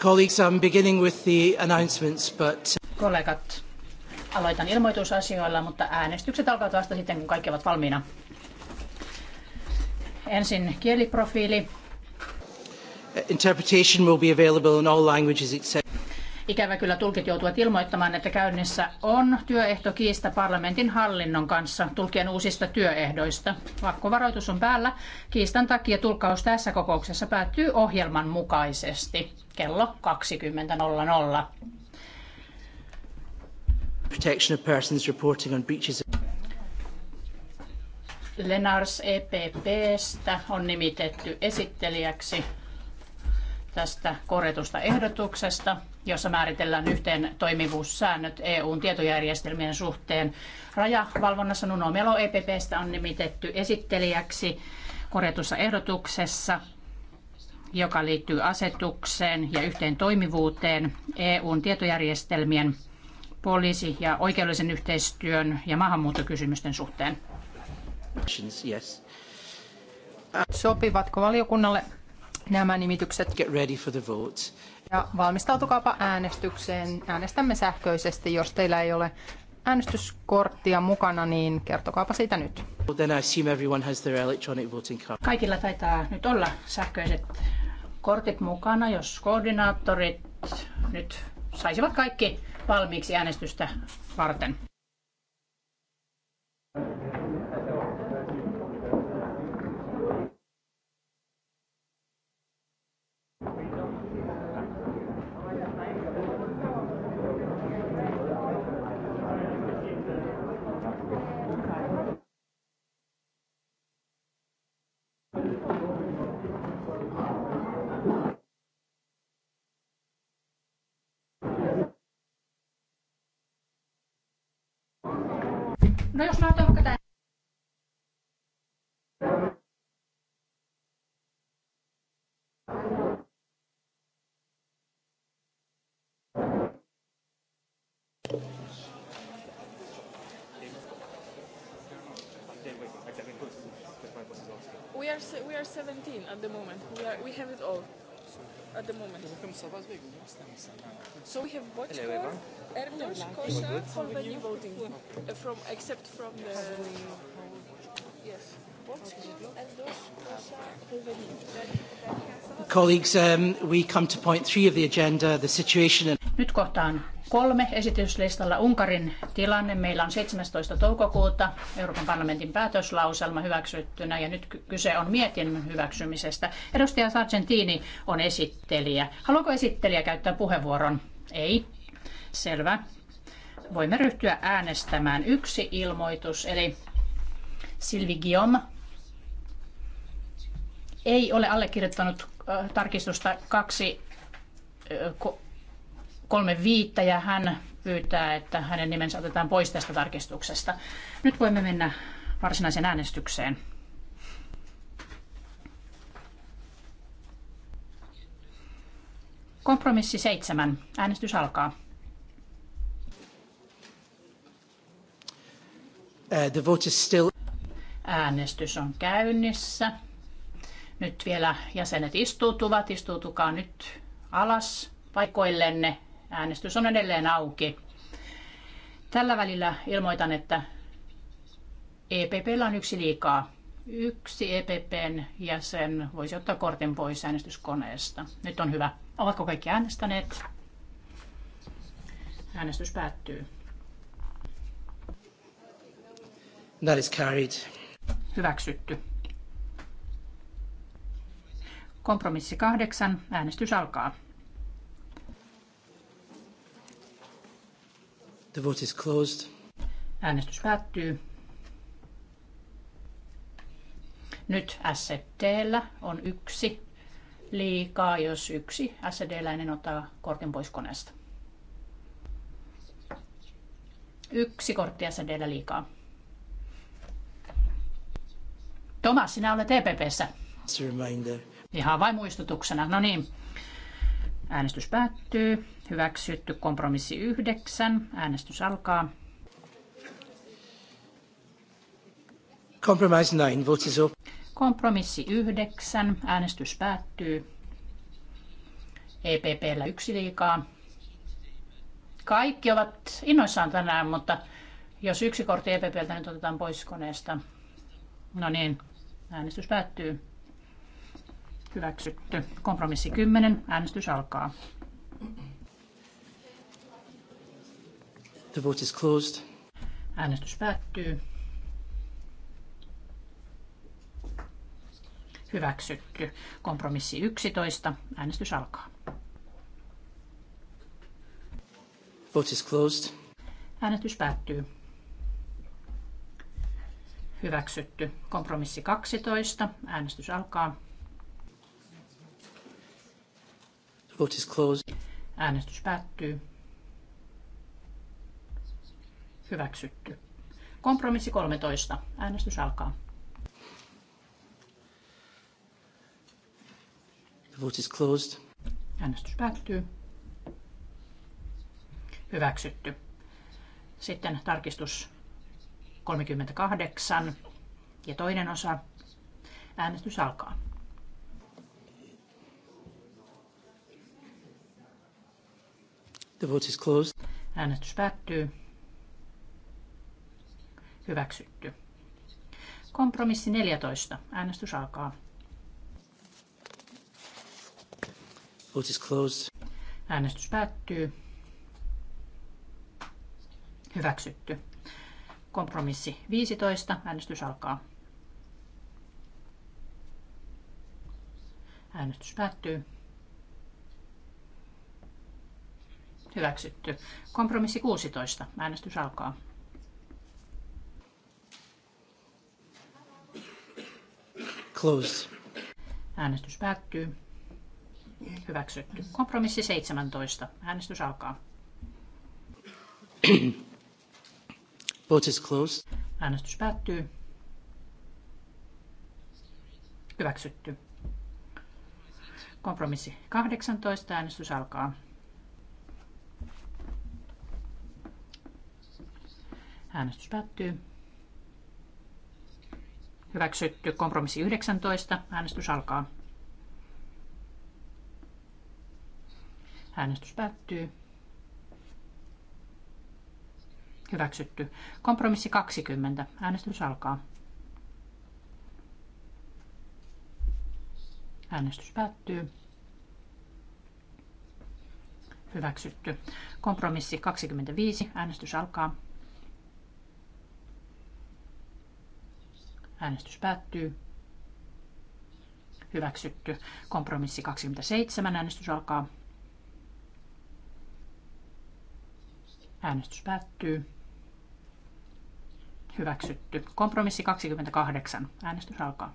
Colleagues, I'm beginning with the announcements, but... Uh, Kollegat, aloitan ilmoitusasioilla, mutta äänestykset alkavat vasta sitten, kun kaikki ovat valmiina. Ensin kieliprofiili. Uh, interpretation will be available in all languages except... Ikävä kyllä tulkit joutuvat ilmoittamaan, että käynnissä on työehtokiista parlamentin hallinnon kanssa tulkien uusista työehdoista. Vakkovaroitus on päällä. Kiistan takia tulkkaus tässä kokouksessa päättyy ohjelman mukaisesti kello 20.00. Protection of persons reporting on breaches Lenars EPPstä on nimitetty esittelijäksi tästä korjatusta ehdotuksesta jossa määritellään yhteen toimivuussäännöt EUn tietojärjestelmien suhteen. Rajavalvonnassa Nuno Melo EPPstä on nimitetty esittelijäksi korjatussa ehdotuksessa, joka liittyy asetukseen ja yhteen toimivuuteen EUn tietojärjestelmien poliisi- ja oikeudellisen yhteistyön ja maahanmuuttokysymysten suhteen. Sopivatko valiokunnalle nämä nimitykset? Get ready for the vote. Ja valmistautukaapa äänestykseen. Äänestämme sähköisesti. Jos teillä ei ole äänestyskorttia mukana, niin kertokaapa siitä nyt. Kaikilla taitaa nyt olla sähköiset kortit mukana, jos koordinaattorit nyt saisivat kaikki valmiiksi äänestystä varten. no jos laitetaan vaikka tämä We are, we are 17 at the moment. We, are, we have it all at the moment. So we have Bochkor, Erdos, Kosha for the new voting, uh, from except from the yes. Colleagues, um, we come to point three of the agenda, the situation in nyt kohtaan kolme esityslistalla Unkarin tilanne. Meillä on 17. toukokuuta Euroopan parlamentin päätöslauselma hyväksyttynä ja nyt kyse on mietinnön hyväksymisestä. Edustaja Sargentini on esittelijä. Haluaako esittelijä käyttää puheenvuoron? Ei. Selvä. Voimme ryhtyä äänestämään. Yksi ilmoitus, eli Silvi Guillaume ei ole allekirjoittanut äh, tarkistusta kaksi äh, kolme viittä ja hän pyytää, että hänen nimensä otetaan pois tästä tarkistuksesta. Nyt voimme mennä varsinaiseen äänestykseen. Kompromissi seitsemän. Äänestys alkaa. Uh, the vote is still... Äänestys on käynnissä. Nyt vielä jäsenet istuutuvat. Istuutukaa nyt alas paikoillenne. Äänestys on edelleen auki. Tällä välillä ilmoitan, että EPP on yksi liikaa. Yksi EPPn jäsen voisi ottaa kortin pois äänestyskoneesta. Nyt on hyvä. Ovatko kaikki äänestäneet? Äänestys päättyy. That is carried. Hyväksytty. Kompromissi kahdeksan. Äänestys alkaa. The vote is closed. Äänestys päättyy. Nyt SDllä on yksi liikaa, jos yksi SED-läinen ottaa kortin pois koneesta. Yksi kortti SEDllä liikaa. Tomas, sinä olet EPPssä. Ihan vain muistutuksena. No niin, Äänestys päättyy. Hyväksytty kompromissi 9. Äänestys alkaa. Compromise 9. Vote Kompromissi 9. Äänestys päättyy. EPPllä yksi liikaa. Kaikki ovat innoissaan tänään, mutta jos yksi kortti EPPltä nyt otetaan pois koneesta. No niin, äänestys päättyy. Hyväksytty. Kompromissi 10. Äänestys alkaa. The vote is closed. Äänestys päättyy. Hyväksytty. Kompromissi 11. Äänestys alkaa. Vote is closed. Äänestys päättyy. Hyväksytty. Kompromissi 12. Äänestys alkaa. Vote is closed. Äänestys päättyy. Hyväksytty. Kompromissi 13. Äänestys alkaa. vote is closed. Äänestys päättyy. Hyväksytty. Sitten tarkistus 38 ja toinen osa. Äänestys alkaa. The vote is closed. Äänestys päättyy. Hyväksytty. Kompromissi 14. Äänestys alkaa. Vote is closed. Äänestys päättyy. Hyväksytty. Kompromissi 15. Äänestys alkaa. Äänestys päättyy. Hyväksytty. Kompromissi 16. Äänestys alkaa. Close. Äänestys päättyy. Hyväksytty. Kompromissi 17. Äänestys alkaa. Vote is closed. Äänestys päättyy. Hyväksytty. Kompromissi 18. Äänestys alkaa. Äänestys päättyy. Hyväksytty. Kompromissi 19. Äänestys alkaa. Äänestys päättyy. Hyväksytty. Kompromissi 20. Äänestys alkaa. Äänestys päättyy. Hyväksytty. Kompromissi 25. Äänestys alkaa. Äänestys päättyy. Hyväksytty. Kompromissi 27. Äänestys alkaa. Äänestys päättyy. Hyväksytty. Kompromissi 28. Äänestys alkaa.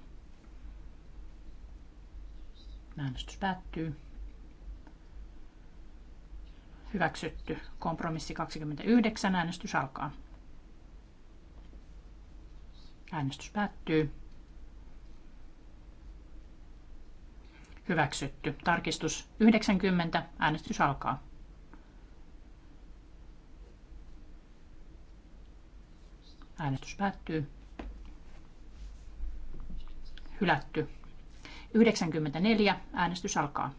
Äänestys päättyy. Hyväksytty. Kompromissi 29. Äänestys alkaa. Äänestys päättyy. Hyväksytty. Tarkistus 90. Äänestys alkaa. Äänestys päättyy. Hylätty. 94. Äänestys alkaa.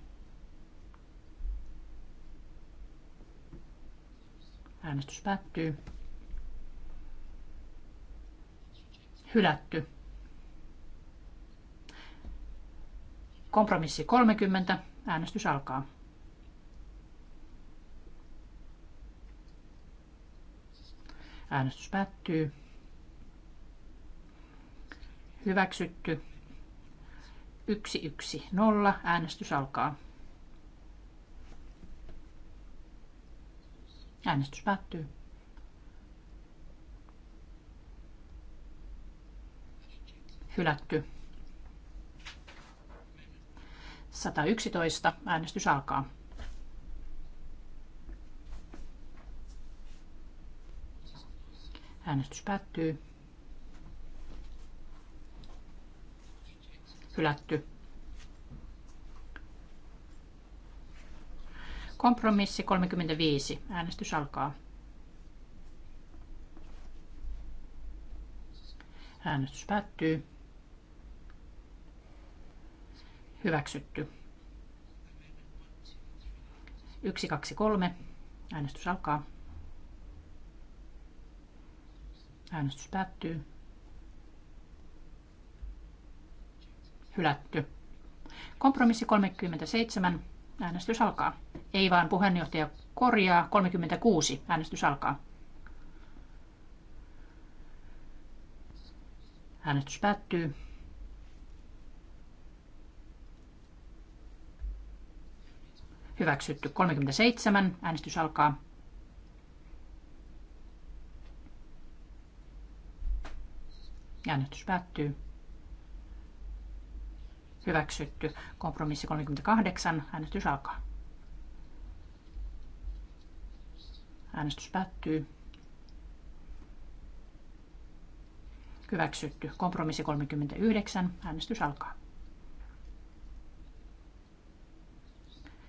Äänestys päättyy. hylätty. Kompromissi 30. Äänestys alkaa. Äänestys päättyy. Hyväksytty. 110. Äänestys alkaa. Äänestys päättyy. Hylätty. 111. Äänestys alkaa. Äänestys päättyy. Hylätty. Kompromissi 35. Äänestys alkaa. Äänestys päättyy. Hyväksytty. 1, 2, 3. Äänestys alkaa. Äänestys päättyy. Hylätty. Kompromissi 37. Äänestys alkaa. Ei vaan puheenjohtaja korjaa. 36. Äänestys alkaa. Äänestys päättyy. Hyväksytty 37. Äänestys alkaa. Äänestys päättyy. Hyväksytty. Kompromissi 38. Äänestys alkaa. Äänestys päättyy. Hyväksytty. Kompromissi 39. Äänestys alkaa.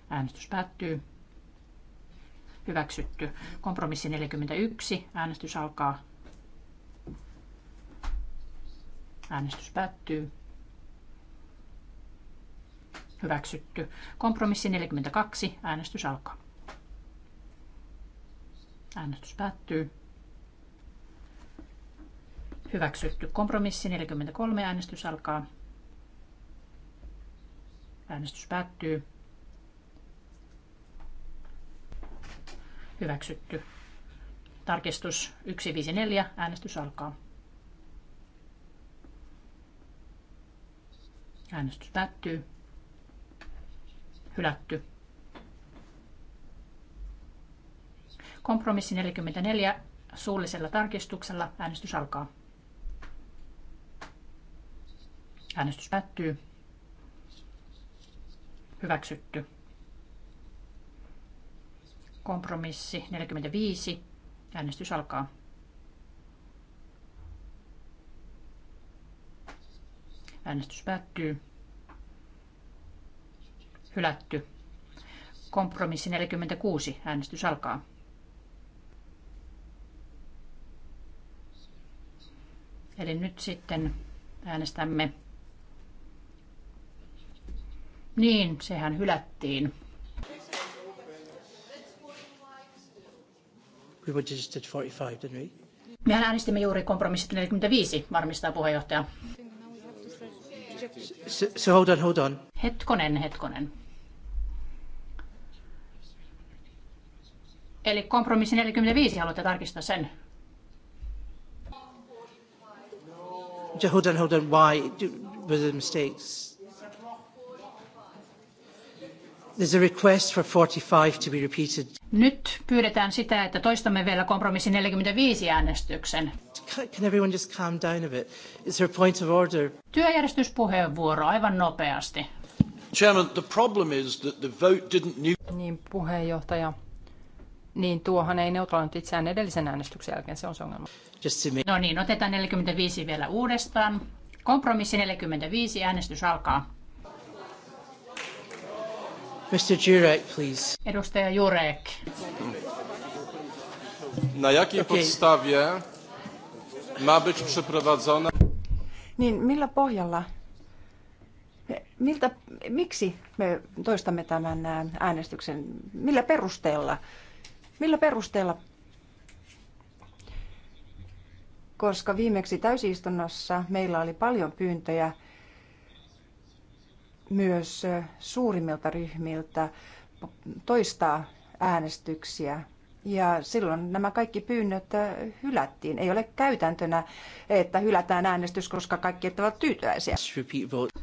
Äänestys päättyy. Hyväksytty. Kompromissi 41. Äänestys alkaa. Äänestys päättyy. Hyväksytty. Kompromissi 42. Äänestys alkaa. Äänestys päättyy. Hyväksytty. Kompromissi 43. Äänestys alkaa. Äänestys päättyy. Hyväksytty. Tarkistus 154. Äänestys alkaa. Äänestys päättyy. Hylätty. Kompromissi 44 suullisella tarkistuksella. Äänestys alkaa. Äänestys päättyy. Hyväksytty. Kompromissi 45. Äänestys alkaa. Äänestys päättyy. Hylätty. Kompromissi 46. Äänestys alkaa. Eli nyt sitten äänestämme. Niin, sehän hylättiin. We voted just at 45, didn't we? Mehän äänestimme juuri kompromissit 45, varmistaa puheenjohtaja. So, so hold on, hold on. Hetkonen, hetkonen. Eli kompromissi 45, haluatte tarkistaa sen? Hold on, hold on. Why? Do, were there mistakes? Nyt pyydetään sitä, että toistamme vielä kompromissi 45 äänestyksen. Can everyone just calm down a bit? Is there a point of order? Työjärjestyspuheenvuoro aivan nopeasti. Chairman, the problem is that the vote didn't... Niin, puheenjohtaja. Niin, tuohan ei neutraloinut itseään edellisen äänestyksen jälkeen, se on se ongelma. Just to make... No niin, otetaan 45 vielä uudestaan. Kompromissi 45, äänestys alkaa. Mr. Jurek, please. Edustaja Jurek. Na jakiej okay. podstawie ma być przeprowadzona... Niin millä pohjalla, miltä, miksi me toistamme tämän äänestyksen, millä perusteella, millä perusteella, koska viimeksi täysistunnossa meillä oli paljon pyyntöjä myös suurimmilta ryhmiltä toistaa äänestyksiä. Ja silloin nämä kaikki pyynnöt hylättiin. Ei ole käytäntönä, että hylätään äänestys, koska kaikki ovat tyytyväisiä.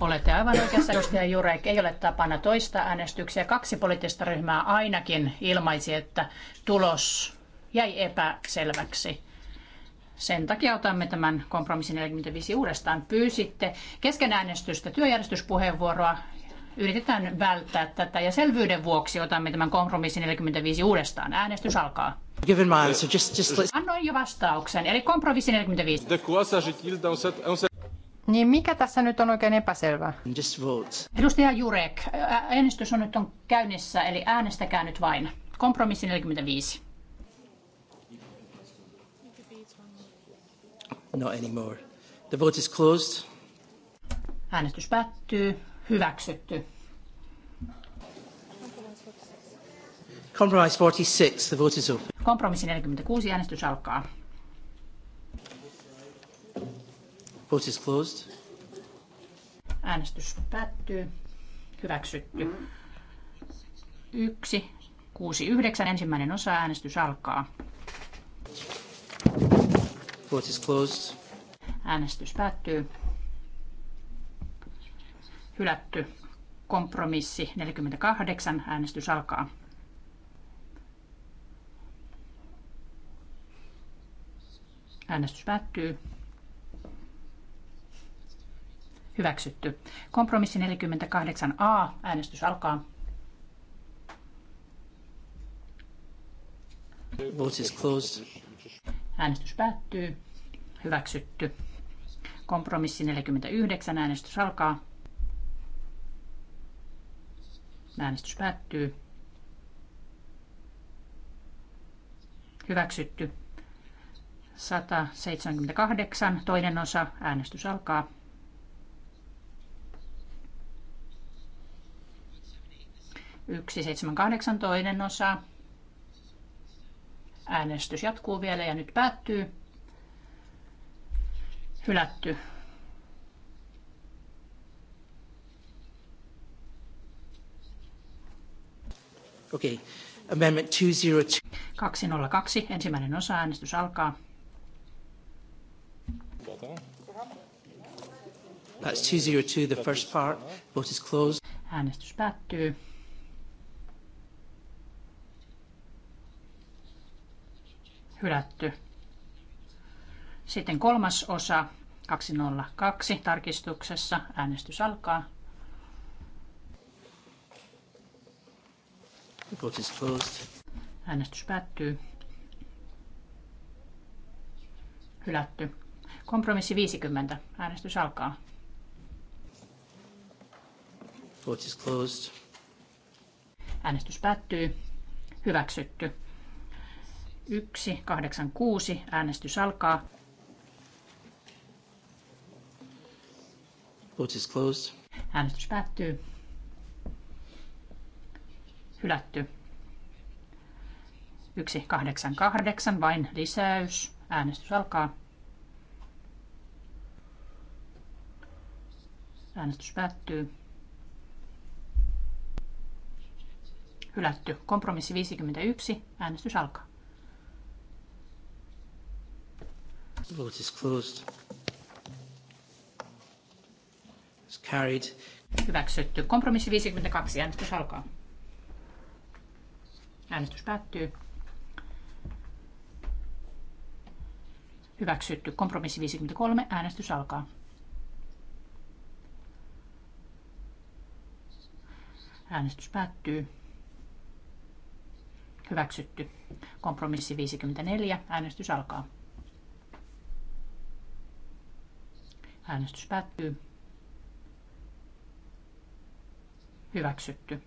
Olette aivan oikeassa, edustaja Jurek. Ei ole tapana toista äänestyksiä. Kaksi poliittista ryhmää ainakin ilmaisi, että tulos jäi epäselväksi. Sen takia otamme tämän kompromissin 45 uudestaan. Pyysitte kesken äänestystä työjärjestyspuheenvuoroa. Yritetään välttää tätä ja selvyyden vuoksi otamme tämän kompromissin 45 uudestaan. Äänestys alkaa. Given my answer, just, just let's... Annoin jo vastauksen, eli kompromissi 45. Niin mikä tässä nyt on oikein epäselvää? Just vote. Edustaja Jurek, äänestys on nyt on käynnissä, eli äänestäkää nyt vain. Kompromissi 45. Not anymore. The vote is closed. Äänestys päättyy. Hyväksytty. Compromise 46. The vote is open. Kompromissi 46. Äänestys alkaa. Vote is closed. Äänestys päättyy. Hyväksytty. Yksi, kuusi, yhdeksän Ensimmäinen osa. Äänestys alkaa. Vote is closed. Äänestys päättyy. Hylätty. Kompromissi 48. Äänestys alkaa. Äänestys päättyy. Hyväksytty. Kompromissi 48a. Äänestys alkaa. Vote is closed. Äänestys päättyy hyväksytty. Kompromissi 49, äänestys alkaa. Äänestys päättyy. Hyväksytty. 178, toinen osa, äänestys alkaa. Yksi seitsemän kahdeksan toinen osa. Äänestys jatkuu vielä ja nyt päättyy. Hylätty. Okei. Okay. Amendment 202. 202. Ensimmäinen osa. Äänestys alkaa. That's 202, the first part. Vote is closed. Äänestys päättyy. Hylätty. Sitten kolmas osa 202 tarkistuksessa. Äänestys alkaa. Äänestys päättyy. Hylätty. Kompromissi 50. Äänestys alkaa. Vote is closed. Äänestys päättyy. Hyväksytty. 1, 8, 6. Äänestys alkaa. Vote is closed. Äänestys päättyy. Hylätty. 188 vain lisäys. Äänestys alkaa. Äänestys päättyy. Hylätty. Kompromissi 51. Äänestys alkaa. Vote is closed. Carried. Hyväksytty. Kompromissi 52. Äänestys alkaa. Äänestys päättyy. Hyväksytty. Kompromissi 53. Äänestys alkaa. Äänestys päättyy. Hyväksytty. Kompromissi 54. Äänestys alkaa. Äänestys päättyy. Hyväksytty.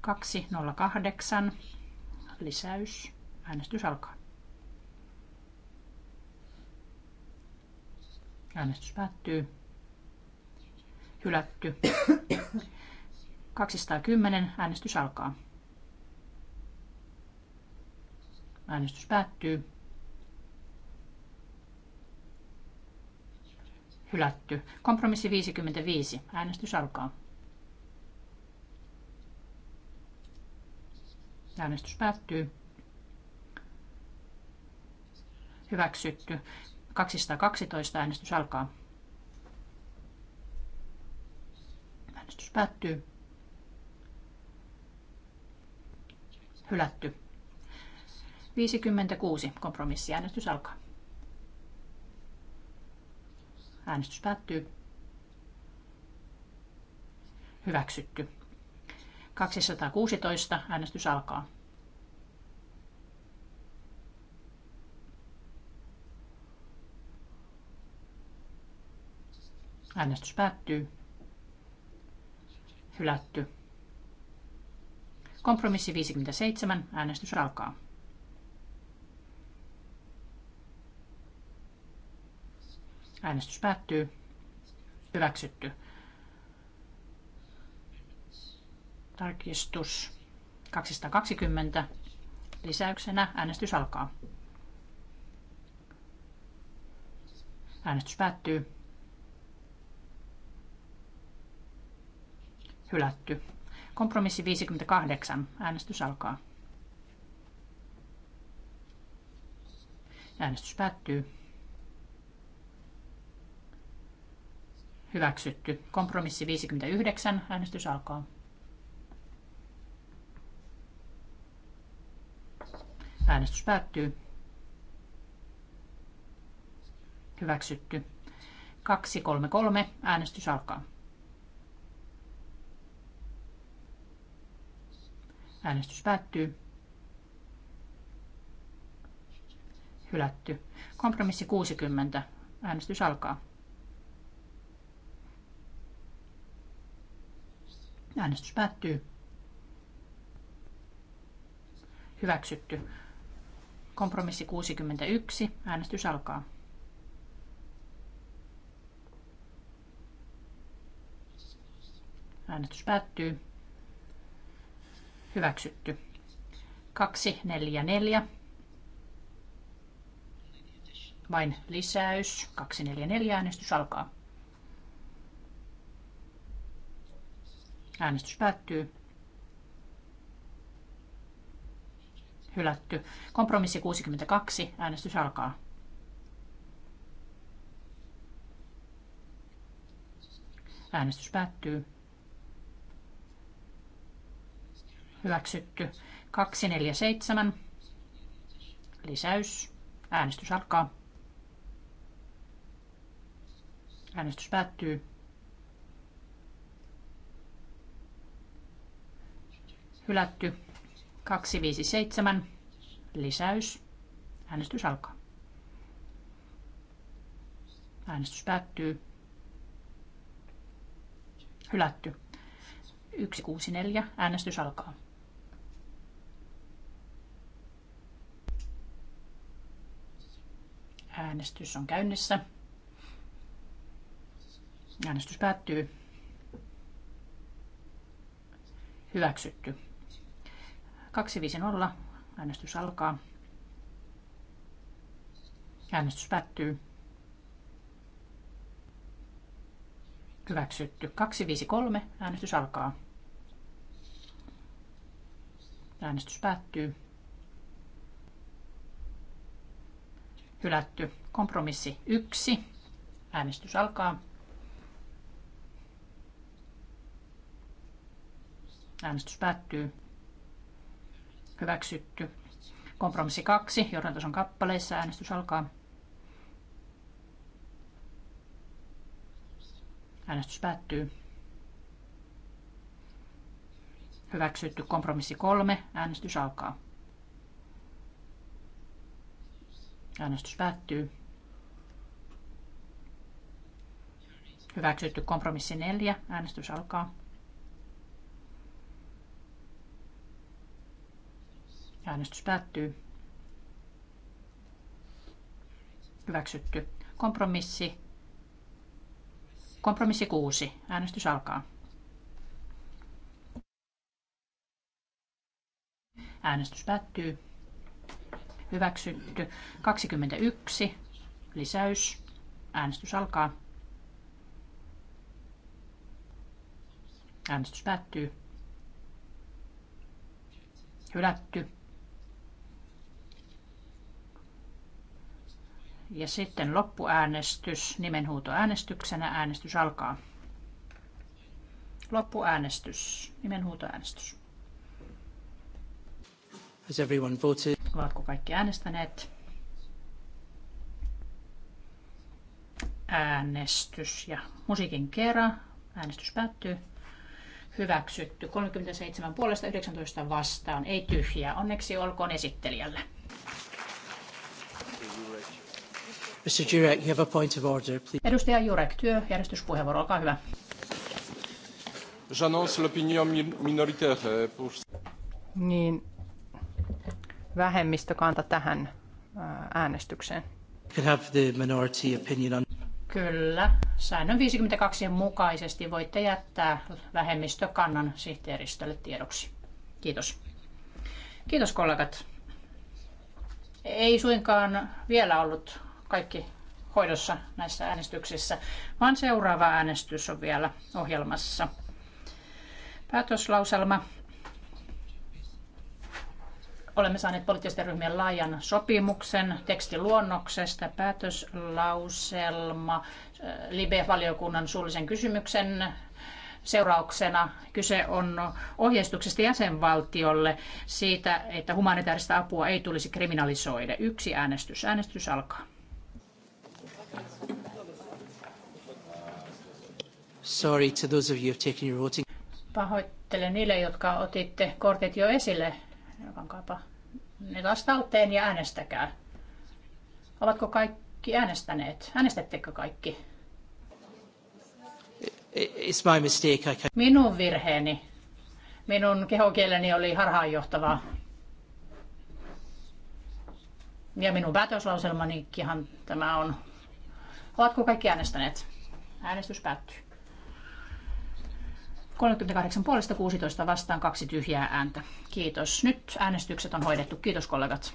208. Lisäys. Äänestys alkaa. Äänestys päättyy. Hylätty. 210. Äänestys alkaa. Äänestys päättyy. hylätty. Kompromissi 55. Äänestys alkaa. Äänestys päättyy. Hyväksytty. 212 äänestys alkaa. Äänestys päättyy. Hylätty. 56 kompromissi äänestys alkaa. Äänestys päättyy. Hyväksytty. 216. Äänestys alkaa. Äänestys päättyy. Hylätty. Kompromissi 57. Äänestys alkaa. Äänestys päättyy. Hyväksytty. Tarkistus 220. Lisäyksenä äänestys alkaa. Äänestys päättyy. Hylätty. Kompromissi 58. Äänestys alkaa. Äänestys päättyy. Hyväksytty. Kompromissi 59. Äänestys alkaa. Äänestys päättyy. Hyväksytty. 233. Äänestys alkaa. Äänestys päättyy. Hylätty. Kompromissi 60. Äänestys alkaa. Äänestys päättyy. Hyväksytty. Kompromissi 61. Äänestys alkaa. Äänestys päättyy. Hyväksytty. 244. Vain lisäys. 244 äänestys alkaa. Äänestys päättyy. Hylätty. Kompromissi 62. Äänestys alkaa. Äänestys päättyy. Hyväksytty. 247. Lisäys. Äänestys alkaa. Äänestys päättyy. Hylätty. 257. Lisäys. Äänestys alkaa. Äänestys päättyy. Hylätty. 164. Äänestys alkaa. Äänestys on käynnissä. Äänestys päättyy. Hyväksytty. 250. Äänestys alkaa. Äänestys päättyy. Hyväksytty. 253. Äänestys alkaa. Äänestys päättyy. Hylätty. Kompromissi 1. Äänestys alkaa. Äänestys päättyy. Hyväksytty. Kompromissi kaksi, Johdantos on kappaleissa. Äänestys alkaa. Äänestys päättyy. Hyväksytty kompromissi kolme, Äänestys alkaa. Äänestys päättyy. Hyväksytty kompromissi neljä, Äänestys alkaa. Äänestys päättyy. Hyväksytty. Kompromissi. Kompromissi 6. Äänestys alkaa. Äänestys päättyy. Hyväksytty. 21. Lisäys. Äänestys alkaa. Äänestys päättyy. Hylätty. ja sitten loppuäänestys nimenhuutoäänestyksenä. Äänestys alkaa. Loppuäänestys, nimenhuutoäänestys. Has everyone voted? Ovatko kaikki äänestäneet? Äänestys ja musiikin kerran. Äänestys päättyy. Hyväksytty. 37 puolesta 19 vastaan. Ei tyhjää. Onneksi olkoon esittelijälle. Mr. Jurek, you have a point of order, please. Edustaja Jurek, työjärjestyspuheenvuoro, olkaa hyvä. J'annonce l'opinion minoritaire euh, pour... Niin, vähemmistökanta tähän äh, äänestykseen. Can have the minority opinion on... Kyllä. Säännön 52 mukaisesti voitte jättää vähemmistökannan sihteeristölle tiedoksi. Kiitos. Kiitos kollegat. Ei suinkaan vielä ollut kaikki hoidossa näissä äänestyksissä, vaan seuraava äänestys on vielä ohjelmassa. Päätöslauselma. Olemme saaneet poliittisten ryhmien laajan sopimuksen tekstiluonnoksesta. Päätöslauselma äh, Libe-valiokunnan suullisen kysymyksen seurauksena kyse on ohjeistuksesta jäsenvaltiolle siitä, että humanitaarista apua ei tulisi kriminalisoida. Yksi äänestys. Äänestys alkaa. Sorry to those of you taken your voting. Pahoittelen niille, jotka otitte kortit jo esille. Pankaapa ne lastauteen ja äänestäkää. Ovatko kaikki äänestäneet? Äänestättekö kaikki? It's my mistake. I can... Minun virheeni. Minun kehokieleni oli harhaanjohtavaa. Ja minun päätöslauselmanikkihan tämä on. Ovatko kaikki äänestäneet? Äänestys päättyy. 38 puolesta 16 vastaan kaksi tyhjää ääntä. Kiitos. Nyt äänestykset on hoidettu. Kiitos kollegat.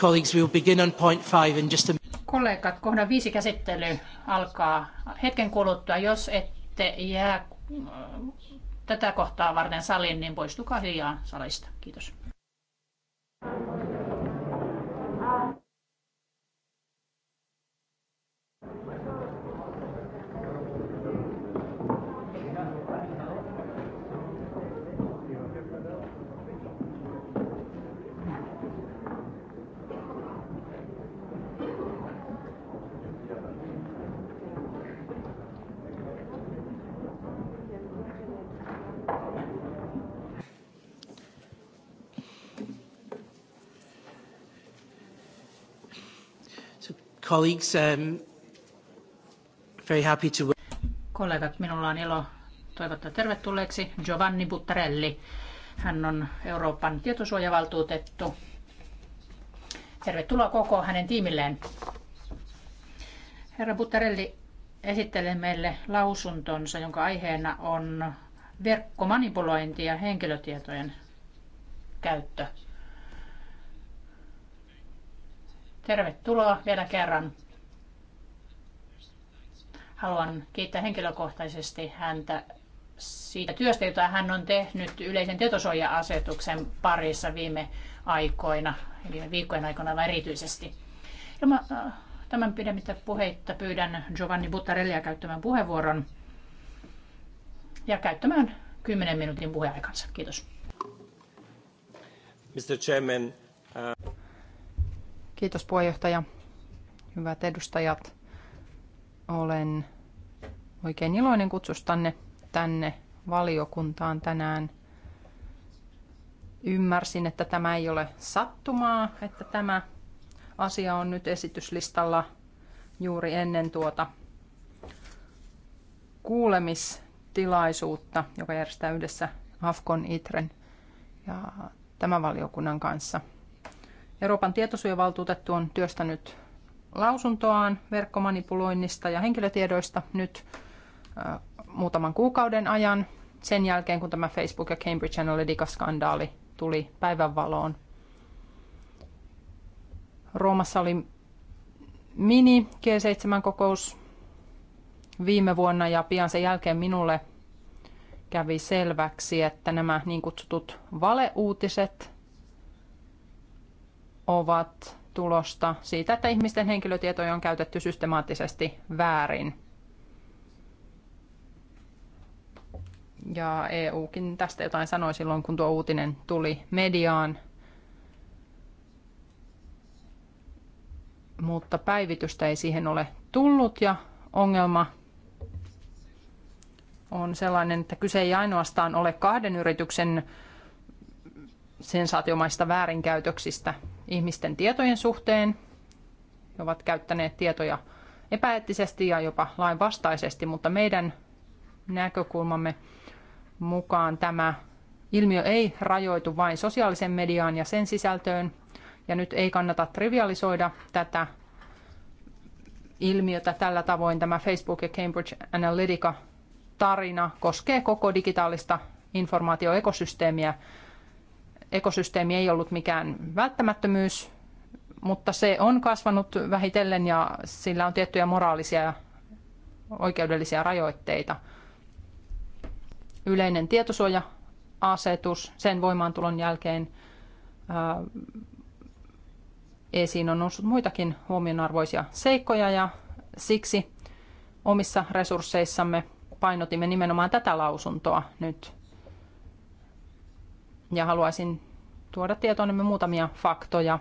Colleagues, begin on point five in just a... Kollegat, kohdan viisi käsittely alkaa hetken kuluttua. Jos ette jää äh, tätä kohtaa varten saliin, niin poistukaa hiljaa salista. Kiitos. Colleagues, um, very happy to... Kollegat, minulla on ilo toivottaa tervetulleeksi Giovanni Buttarelli. Hän on Euroopan tietosuojavaltuutettu. Tervetuloa koko hänen tiimilleen. Herra Buttarelli esittelee meille lausuntonsa, jonka aiheena on verkkomanipulointi ja henkilötietojen käyttö. Tervetuloa vielä kerran. Haluan kiittää henkilökohtaisesti häntä siitä työstä, jota hän on tehnyt yleisen tietosuoja-asetuksen parissa viime aikoina, viime viikkojen aikana erityisesti. mä, äh, tämän pidemmittä puheitta pyydän Giovanni Buttarellia käyttämään puheenvuoron ja käyttämään 10 minuutin puheaikansa. Kiitos. Mr. Chairman, Kiitos puheenjohtaja. Hyvät edustajat, olen oikein iloinen kutsustanne tänne valiokuntaan tänään. Ymmärsin, että tämä ei ole sattumaa, että tämä asia on nyt esityslistalla juuri ennen tuota kuulemistilaisuutta, joka järjestää yhdessä Afkon Itren ja tämän valiokunnan kanssa – Euroopan tietosuojavaltuutettu on työstänyt lausuntoaan verkkomanipuloinnista ja henkilötiedoista nyt muutaman kuukauden ajan sen jälkeen, kun tämä Facebook- ja Cambridge Analytica-skandaali tuli päivänvaloon. Roomassa oli mini G7-kokous viime vuonna ja pian sen jälkeen minulle kävi selväksi, että nämä niin kutsutut valeuutiset – ovat tulosta siitä, että ihmisten henkilötietoja on käytetty systemaattisesti väärin. Ja EUkin tästä jotain sanoi silloin, kun tuo uutinen tuli mediaan. Mutta päivitystä ei siihen ole tullut ja ongelma on sellainen, että kyse ei ainoastaan ole kahden yrityksen sensaatiomaista väärinkäytöksistä, ihmisten tietojen suhteen. He ovat käyttäneet tietoja epäeettisesti ja jopa lainvastaisesti, mutta meidän näkökulmamme mukaan tämä ilmiö ei rajoitu vain sosiaalisen mediaan ja sen sisältöön. Ja nyt ei kannata trivialisoida tätä ilmiötä tällä tavoin. Tämä Facebook ja Cambridge Analytica tarina koskee koko digitaalista informaatioekosysteemiä ekosysteemi ei ollut mikään välttämättömyys, mutta se on kasvanut vähitellen ja sillä on tiettyjä moraalisia ja oikeudellisia rajoitteita. Yleinen tietosuoja-asetus sen voimaantulon jälkeen ää, esiin on noussut muitakin huomionarvoisia seikkoja ja siksi omissa resursseissamme painotimme nimenomaan tätä lausuntoa nyt ja haluaisin tuoda tietoonemme muutamia faktoja,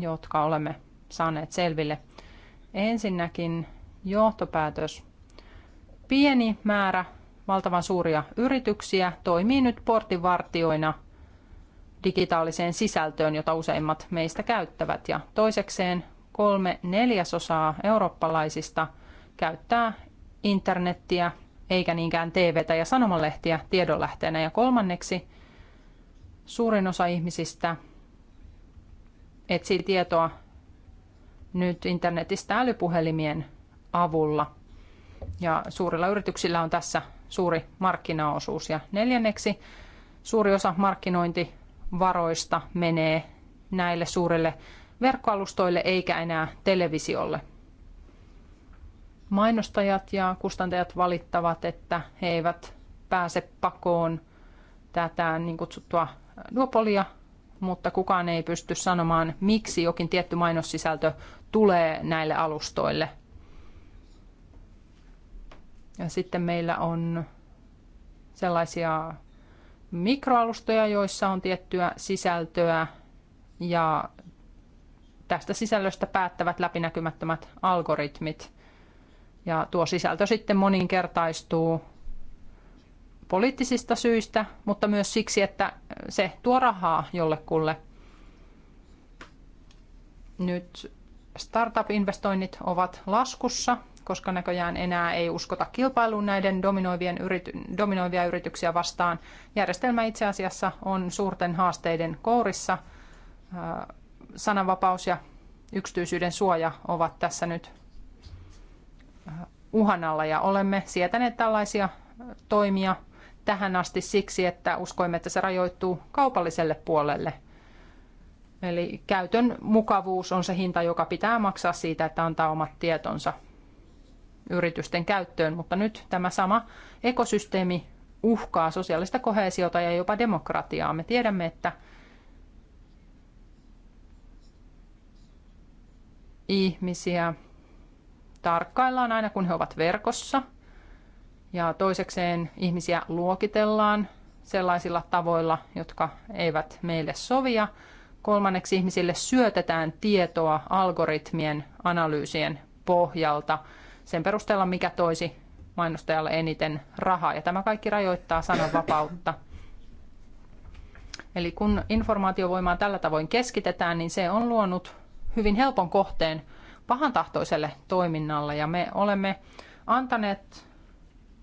jotka olemme saaneet selville. Ensinnäkin johtopäätös. Pieni määrä valtavan suuria yrityksiä toimii nyt portinvartioina digitaaliseen sisältöön, jota useimmat meistä käyttävät. Ja toisekseen kolme neljäsosaa eurooppalaisista käyttää internettiä eikä niinkään TVtä ja sanomalehtiä tiedonlähteenä. Ja kolmanneksi Suurin osa ihmisistä etsii tietoa nyt internetistä älypuhelimien avulla. Ja suurilla yrityksillä on tässä suuri markkinaosuus. Ja neljänneksi suuri osa markkinointivaroista menee näille suurille verkkoalustoille eikä enää televisiolle. Mainostajat ja kustantajat valittavat, että he eivät pääse pakoon tätä niin kutsuttua duopolia, mutta kukaan ei pysty sanomaan, miksi jokin tietty mainossisältö tulee näille alustoille. Ja sitten meillä on sellaisia mikroalustoja, joissa on tiettyä sisältöä ja tästä sisällöstä päättävät läpinäkymättömät algoritmit. Ja tuo sisältö sitten moninkertaistuu poliittisista syistä, mutta myös siksi, että se tuo rahaa jollekulle. Nyt startup-investoinnit ovat laskussa, koska näköjään enää ei uskota kilpailuun näiden dominoivien yrity- dominoivia yrityksiä vastaan. Järjestelmä itse asiassa on suurten haasteiden kourissa. Äh, sananvapaus ja yksityisyyden suoja ovat tässä nyt äh, uhanalla ja olemme sietäneet tällaisia äh, toimia – tähän asti siksi, että uskoimme, että se rajoittuu kaupalliselle puolelle. Eli käytön mukavuus on se hinta, joka pitää maksaa siitä, että antaa omat tietonsa yritysten käyttöön, mutta nyt tämä sama ekosysteemi uhkaa sosiaalista kohesiota ja jopa demokratiaa. Me tiedämme, että ihmisiä tarkkaillaan aina, kun he ovat verkossa – ja toisekseen ihmisiä luokitellaan sellaisilla tavoilla, jotka eivät meille sovia. Kolmanneksi ihmisille syötetään tietoa algoritmien analyysien pohjalta sen perusteella, mikä toisi mainostajalle eniten rahaa. Ja tämä kaikki rajoittaa sananvapautta. Eli kun informaatiovoimaa tällä tavoin keskitetään, niin se on luonut hyvin helpon kohteen pahantahtoiselle toiminnalle. Ja me olemme antaneet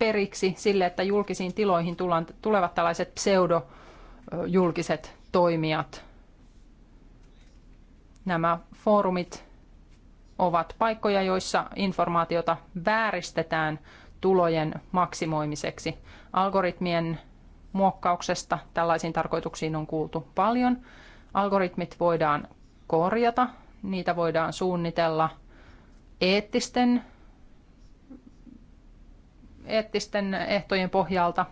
periksi sille, että julkisiin tiloihin tullaan, tulevat tällaiset pseudojulkiset toimijat. Nämä foorumit ovat paikkoja, joissa informaatiota vääristetään tulojen maksimoimiseksi. Algoritmien muokkauksesta tällaisiin tarkoituksiin on kuultu paljon. Algoritmit voidaan korjata, niitä voidaan suunnitella eettisten eettisten ehtojen pohjalta.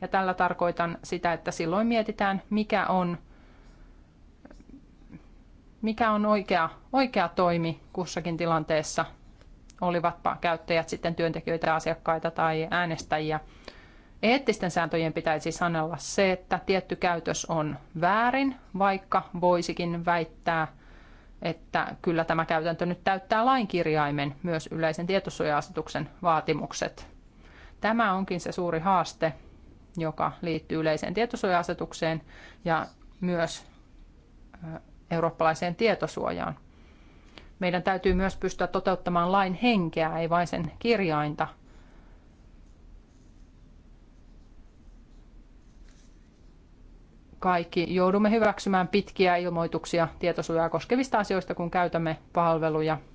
Ja tällä tarkoitan sitä, että silloin mietitään, mikä on, mikä on oikea, oikea toimi kussakin tilanteessa, olivatpa käyttäjät sitten työntekijöitä, asiakkaita tai äänestäjiä. Eettisten sääntöjen pitäisi sanella se, että tietty käytös on väärin, vaikka voisikin väittää, että kyllä tämä käytäntö nyt täyttää lainkirjaimen myös yleisen tietosuoja-asetuksen vaatimukset. Tämä onkin se suuri haaste, joka liittyy yleiseen tietosuoja-asetukseen ja myös eurooppalaiseen tietosuojaan. Meidän täytyy myös pystyä toteuttamaan lain henkeä, ei vain sen kirjainta. Kaikki joudumme hyväksymään pitkiä ilmoituksia tietosuojaa koskevista asioista, kun käytämme palveluja –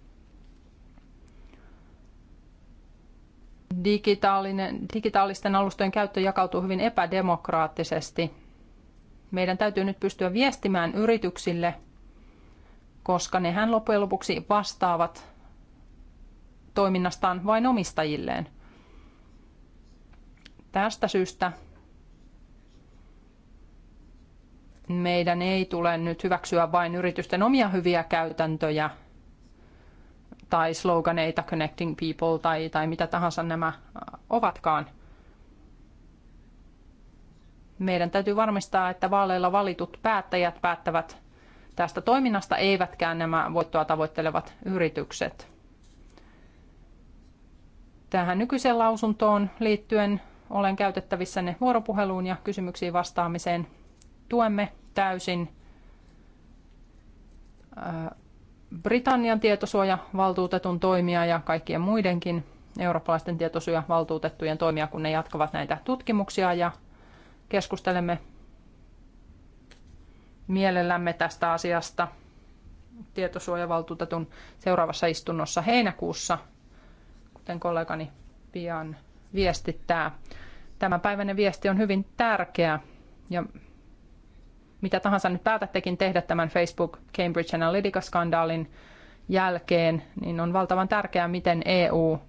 digitaalinen, digitaalisten alustojen käyttö jakautuu hyvin epädemokraattisesti. Meidän täytyy nyt pystyä viestimään yrityksille, koska nehän loppujen lopuksi vastaavat toiminnastaan vain omistajilleen. Tästä syystä meidän ei tule nyt hyväksyä vain yritysten omia hyviä käytäntöjä – tai sloganeita Connecting People tai, tai mitä tahansa nämä äh, ovatkaan. Meidän täytyy varmistaa, että vaaleilla valitut päättäjät päättävät tästä toiminnasta, eivätkään nämä voittoa tavoittelevat yritykset. Tähän nykyiseen lausuntoon liittyen olen käytettävissänne vuoropuheluun ja kysymyksiin vastaamiseen. Tuemme täysin äh, Britannian tietosuojavaltuutetun toimia ja kaikkien muidenkin eurooppalaisten tietosuojavaltuutettujen toimia, kun ne jatkavat näitä tutkimuksia ja keskustelemme mielellämme tästä asiasta tietosuojavaltuutetun seuraavassa istunnossa heinäkuussa, kuten kollegani pian viestittää. Tämänpäiväinen viesti on hyvin tärkeä ja mitä tahansa nyt päätättekin tehdä tämän Facebook Cambridge Analytica-skandaalin jälkeen, niin on valtavan tärkeää, miten EU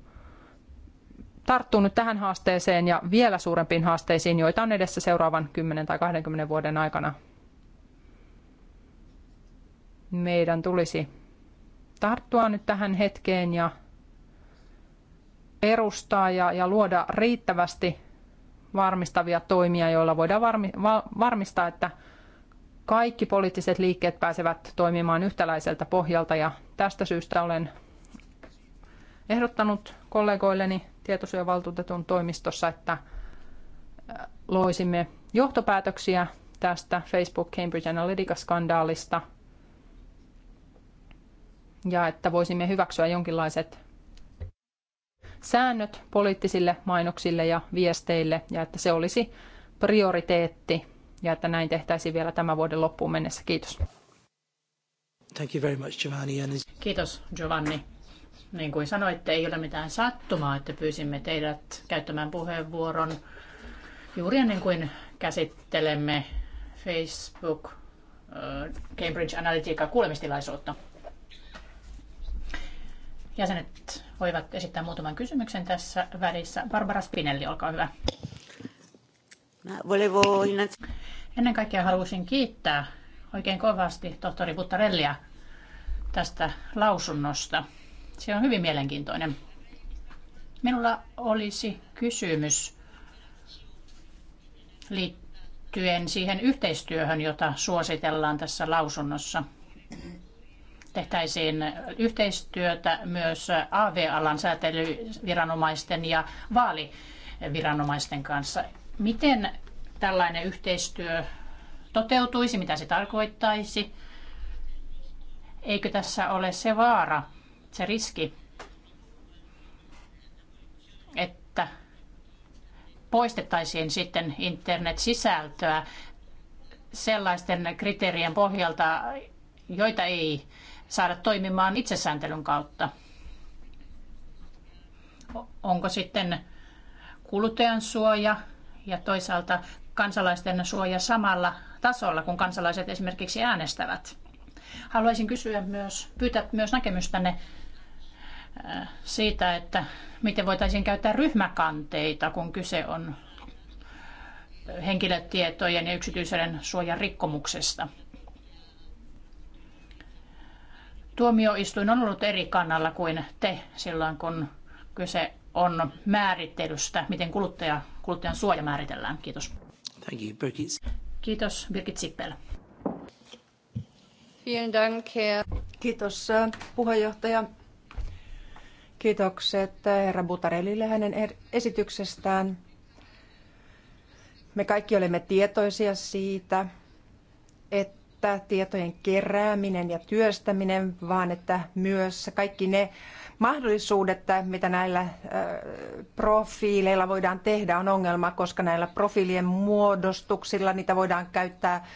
tarttuu nyt tähän haasteeseen ja vielä suurempiin haasteisiin, joita on edessä seuraavan 10 tai 20 vuoden aikana. Meidän tulisi tarttua nyt tähän hetkeen ja perustaa ja, ja luoda riittävästi varmistavia toimia, joilla voidaan varmi, va, varmistaa, että kaikki poliittiset liikkeet pääsevät toimimaan yhtäläiseltä pohjalta ja tästä syystä olen ehdottanut kollegoilleni tietosuojavaltuutetun toimistossa, että loisimme johtopäätöksiä tästä Facebook Cambridge Analytica-skandaalista ja että voisimme hyväksyä jonkinlaiset säännöt poliittisille mainoksille ja viesteille ja että se olisi prioriteetti ja että näin tehtäisiin vielä tämän vuoden loppuun mennessä. Kiitos. Thank you very much, Giovanni. Kiitos Giovanni. Niin kuin sanoitte, ei ole mitään sattumaa, että pyysimme teidät käyttämään puheenvuoron juuri ennen kuin käsittelemme Facebook äh, Cambridge Analytica kuulemistilaisuutta. Jäsenet voivat esittää muutaman kysymyksen tässä välissä. Barbara Spinelli, olkaa hyvä. Ennen kaikkea haluaisin kiittää oikein kovasti tohtori Buttarellia tästä lausunnosta. Se on hyvin mielenkiintoinen. Minulla olisi kysymys liittyen siihen yhteistyöhön, jota suositellaan tässä lausunnossa. Tehtäisiin yhteistyötä myös AV-alan säätelyviranomaisten ja vaaliviranomaisten kanssa. Miten tällainen yhteistyö toteutuisi, mitä se tarkoittaisi? Eikö tässä ole se vaara, se riski, että poistettaisiin sitten internet-sisältöä sellaisten kriteerien pohjalta, joita ei saada toimimaan itsesääntelyn kautta? Onko sitten kuluttajan suoja ja toisaalta kansalaisten suoja samalla tasolla, kun kansalaiset esimerkiksi äänestävät. Haluaisin kysyä myös, pyytää myös näkemystänne äh, siitä, että miten voitaisiin käyttää ryhmäkanteita, kun kyse on henkilötietojen ja yksityisyyden suojan rikkomuksesta. Tuomioistuin on ollut eri kannalla kuin te silloin, kun kyse on määrittelystä, miten kuluttaja, kuluttajan suoja määritellään. Kiitos. Thank you, Birgit. Kiitos, Birgit Sippel. Vielen Dank, Herr. Kiitos äh, puheenjohtaja. Kiitokset äh, herra Butarellille hänen er-, esityksestään. Me kaikki olemme tietoisia siitä, että tietojen kerääminen ja työstäminen, vaan että myös kaikki ne mahdollisuudet, mitä näillä profiileilla voidaan tehdä, on ongelma, koska näillä profiilien muodostuksilla niitä voidaan käyttää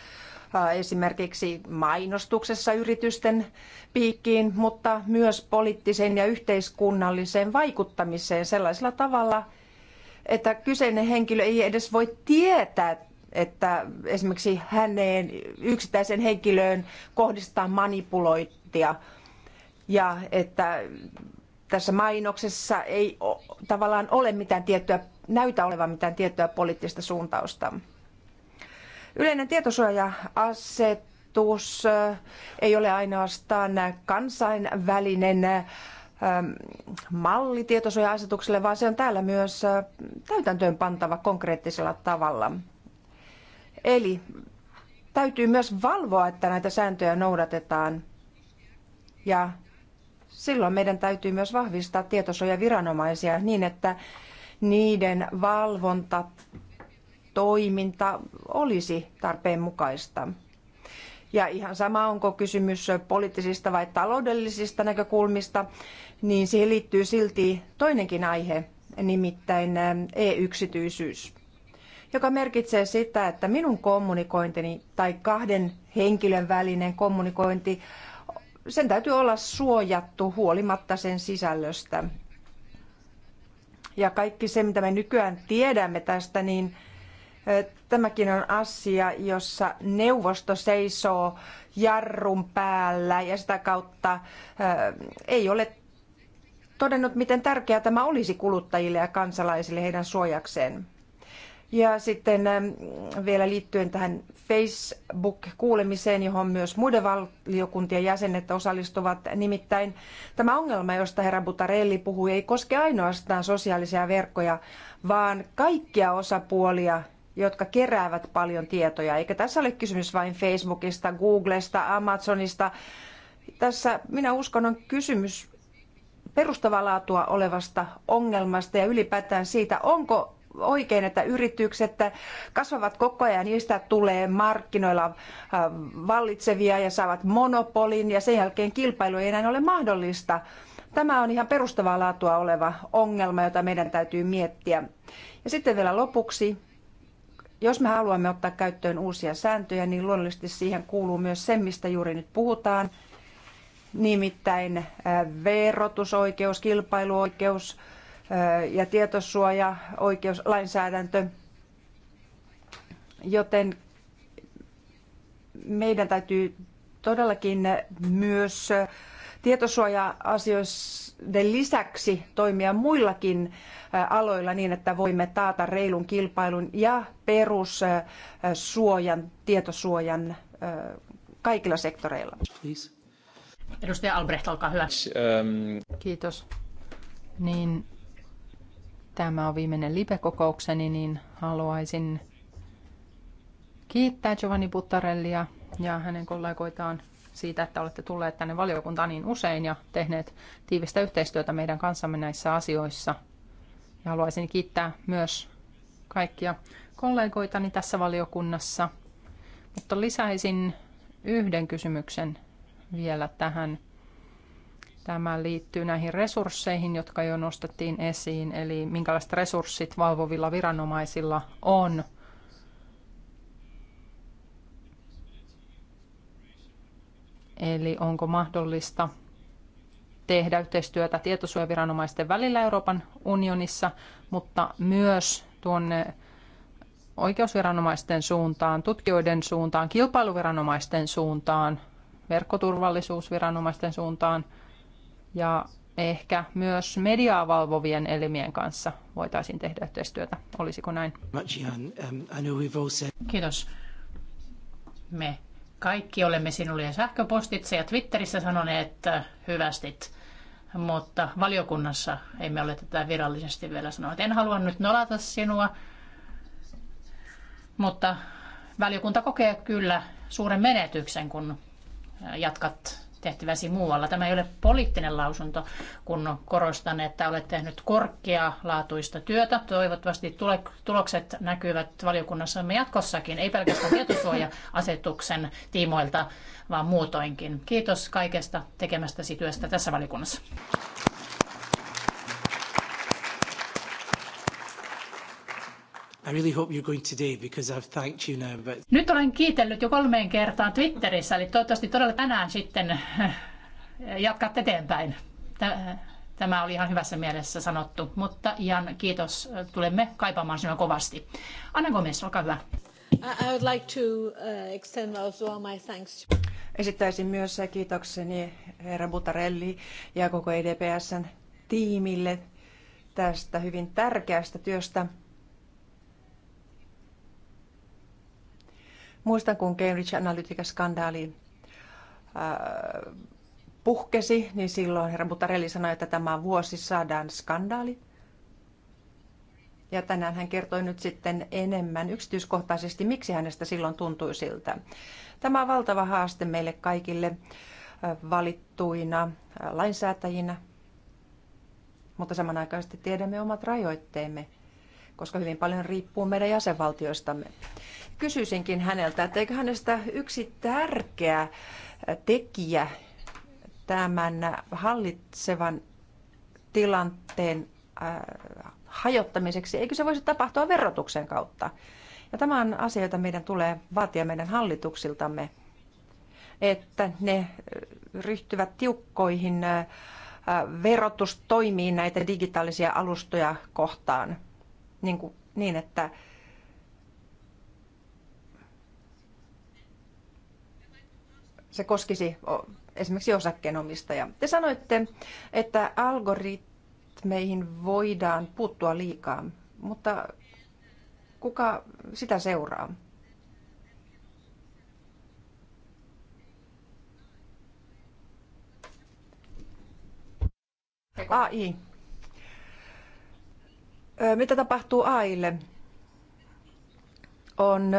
esimerkiksi mainostuksessa yritysten piikkiin, mutta myös poliittiseen ja yhteiskunnalliseen vaikuttamiseen sellaisella tavalla, että kyseinen henkilö ei edes voi tietää, että esimerkiksi häneen yksittäisen henkilöön kohdistaa manipulointia – ja että tässä mainoksessa ei tavallaan ole mitään tiettyä, näytä olevan mitään tiettyä poliittista suuntausta. Yleinen tietosuoja-asetus ei ole ainoastaan kansainvälinen malli tietosuoja-asetukselle, vaan se on täällä myös täytäntöön pantava konkreettisella tavalla. Eli täytyy myös valvoa, että näitä sääntöjä noudatetaan ja silloin meidän täytyy myös vahvistaa tietosuojaviranomaisia niin, että niiden valvonta toiminta olisi tarpeen mukaista. Ja ihan sama onko kysymys poliittisista vai taloudellisista näkökulmista, niin siihen liittyy silti toinenkin aihe, nimittäin e-yksityisyys, joka merkitsee sitä, että minun kommunikointini tai kahden henkilön välinen kommunikointi sen täytyy olla suojattu huolimatta sen sisällöstä. Ja kaikki se, mitä me nykyään tiedämme tästä, niin tämäkin on asia, jossa neuvosto seisoo jarrun päällä ja sitä kautta ei ole todennut, miten tärkeää tämä olisi kuluttajille ja kansalaisille heidän suojakseen. Ja sitten ähm, vielä liittyen tähän Facebook-kuulemiseen, johon myös muiden valiokuntien jäsenet osallistuvat. Nimittäin tämä ongelma, josta herra Butarelli puhui, ei koske ainoastaan sosiaalisia verkkoja, vaan kaikkia osapuolia, jotka keräävät paljon tietoja. Eikä tässä ole kysymys vain Facebookista, Googlesta, Amazonista. Tässä minä uskon on kysymys perustavaa laatua olevasta ongelmasta ja ylipäätään siitä, onko oikein, että yritykset kasvavat koko ajan, niistä tulee markkinoilla äh, vallitsevia ja saavat monopolin ja sen jälkeen kilpailu ei enää ole mahdollista. Tämä on ihan perustavaa laatua oleva ongelma, jota meidän täytyy miettiä. Ja sitten vielä lopuksi, jos me haluamme ottaa käyttöön uusia sääntöjä, niin luonnollisesti siihen kuuluu myös se, mistä juuri nyt puhutaan, nimittäin äh, verotusoikeus, kilpailuoikeus, ja tietosuoja, oikeuslainsäädäntö, joten meidän täytyy todellakin myös tietosuoja-asioiden lisäksi toimia muillakin aloilla niin, että voimme taata reilun kilpailun ja perussuojan, tietosuojan kaikilla sektoreilla. Please. Edustaja Albrecht, olkaa hyvä. Um, Kiitos. Niin tämä on viimeinen live-kokoukseni, niin haluaisin kiittää Giovanni Buttarellia ja hänen kollegoitaan siitä, että olette tulleet tänne valiokuntaan niin usein ja tehneet tiivistä yhteistyötä meidän kanssamme näissä asioissa. Ja haluaisin kiittää myös kaikkia kollegoitani tässä valiokunnassa, mutta lisäisin yhden kysymyksen vielä tähän. Tämä liittyy näihin resursseihin, jotka jo nostettiin esiin, eli minkälaiset resurssit valvovilla viranomaisilla on. Eli onko mahdollista tehdä yhteistyötä tietosuojaviranomaisten välillä Euroopan unionissa, mutta myös tuonne oikeusviranomaisten suuntaan, tutkijoiden suuntaan, kilpailuviranomaisten suuntaan, verkkoturvallisuusviranomaisten suuntaan – ja ehkä myös mediaa valvovien elimien kanssa voitaisiin tehdä yhteistyötä. Olisiko näin? Kiitos. Me kaikki olemme sinulle sähköpostitse ja Twitterissä sanoneet että äh, hyvästit, mutta valiokunnassa emme ole tätä virallisesti vielä sanoneet. En halua nyt nolata sinua, mutta valiokunta kokee kyllä suuren menetyksen, kun äh, jatkat tehtäväsi muualla. Tämä ei ole poliittinen lausunto, kun korostan, että olet tehnyt korkealaatuista työtä. Toivottavasti tulokset näkyvät valiokunnassamme jatkossakin, ei pelkästään tietosuoja-asetuksen tiimoilta, vaan muutoinkin. Kiitos kaikesta tekemästäsi työstä tässä valiokunnassa. really hope you're going today because I've thanked you now. But... Nyt olen kiitellyt jo kolmeen kertaan Twitterissä, eli toivottavasti todella tänään sitten eh, jatkat eteenpäin. Tämä oli ihan hyvässä mielessä sanottu, mutta Jan, kiitos. Eh, tulemme kaipaamaan sinua kovasti. Anna Gomez, olkaa hyvä. I would like to eh, extend also my thanks. Esittäisin myös kiitokseni herra Butarelli ja koko EDPSn tiimille tästä hyvin tärkeästä työstä. Muistan, kun Cambridge Analytica-skandaali puhkesi, niin silloin herra Mutarelli sanoi, että tämä on vuosisadan skandaali. Ja tänään hän kertoi nyt sitten enemmän yksityiskohtaisesti, miksi hänestä silloin tuntui siltä. Tämä on valtava haaste meille kaikille valittuina lainsäätäjinä, mutta samanaikaisesti tiedämme omat rajoitteemme, koska hyvin paljon riippuu meidän jäsenvaltioistamme kysyisinkin häneltä, että eikö hänestä yksi tärkeä tekijä tämän hallitsevan tilanteen äh, hajottamiseksi, eikö se voisi tapahtua verotuksen kautta? Ja tämä on asia, jota meidän tulee vaatia meidän hallituksiltamme, että ne äh, ryhtyvät tiukkoihin äh, verotustoimiin näitä digitaalisia alustoja kohtaan, niin, kuin, niin että se koskisi esimerkiksi osakkeenomistajaa. Te sanoitte, että algoritmeihin voidaan puuttua liikaa, mutta kuka sitä seuraa? AI. Mitä tapahtuu AIlle? On